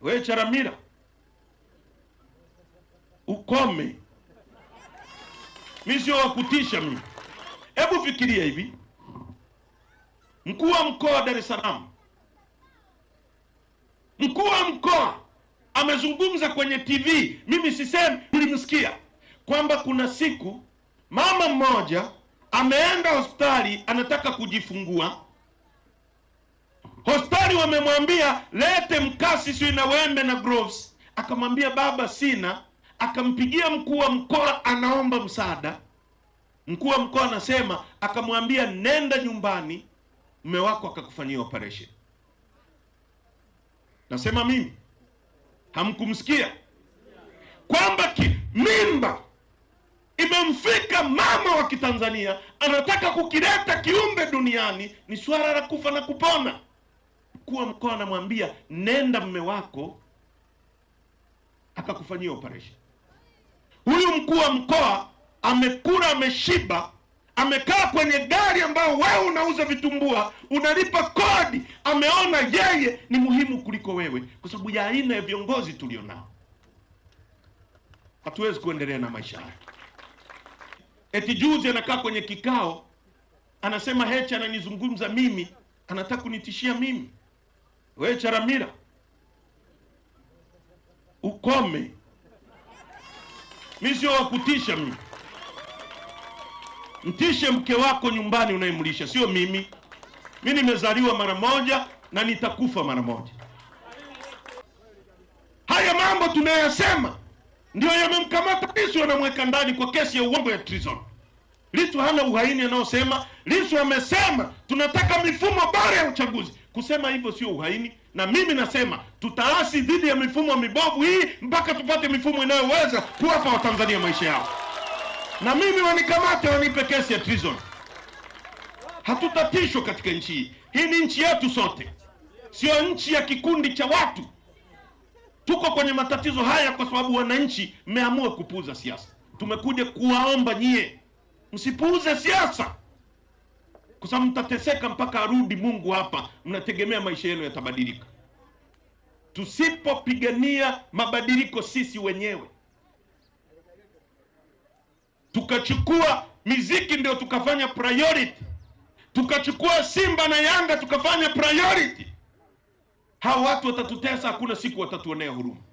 we Charamira ukome, mi sio wakutisha mimi. Hebu fikiria hivi, mkuu wa mkoa wa Dar es Salaam, mkuu wa mkoa amezungumza kwenye TV, mimi sisemi, tulimsikia kwamba kuna siku mama mmoja ameenda hospitali anataka kujifungua Hospitali wamemwambia lete mkasi sio na wembe na gloves, akamwambia baba, sina. Akampigia mkuu wa mkoa, anaomba msaada. Mkuu wa mkoa anasema, akamwambia nenda nyumbani, mume wako akakufanyia operation. Nasema mimi hamkumsikia kwamba mimba imemfika mama wa Kitanzania anataka kukileta kiumbe duniani, ni swala la kufa na kupona mkuu wa mkoa anamwambia nenda mme wako akakufanyia operation. Huyu mkuu wa mkoa amekula, ameshiba, amekaa kwenye gari ambayo wewe unauza vitumbua, unalipa kodi. Ameona yeye ni muhimu kuliko wewe, kwa sababu ya aina ya viongozi tulionao. Hatuwezi kuendelea na maisha haya. Eti juzi anakaa kwenye kikao, anasema hechi ananizungumza mimi, anataka kunitishia mimi we Charamira ukome, mi sio wakutisha mimi. Mtishe mke wako nyumbani unayemlisha, sio mimi. Mi nimezaliwa mara moja na nitakufa mara moja. Haya mambo tunayasema ndio yamemkamata Lissu, anamweka ndani kwa kesi ya uongo ya treason. Lissu hana uhaini anaosema. Lissu amesema tunataka mifumo bora ya uchaguzi. Kusema hivyo sio uhaini, na mimi nasema tutaasi dhidi ya mifumo mibovu hii mpaka tupate mifumo inayoweza kuwapa Watanzania maisha yao. Na mimi wanikamate, wanipe kesi ya treason. Hatutatishwa katika nchi hii. Hii ni nchi yetu sote, sio nchi ya kikundi cha watu. Tuko kwenye matatizo haya kwa sababu wananchi mmeamua kupuuza siasa. Tumekuja kuwaomba nyie msipuuze siasa kwa sababu mtateseka mpaka arudi Mungu hapa, mnategemea maisha yenu yatabadilika. Tusipopigania mabadiliko sisi wenyewe, tukachukua miziki ndio tukafanya priority, tukachukua Simba na Yanga tukafanya priority, hawa watu watatutesa, hakuna siku watatuonea huruma.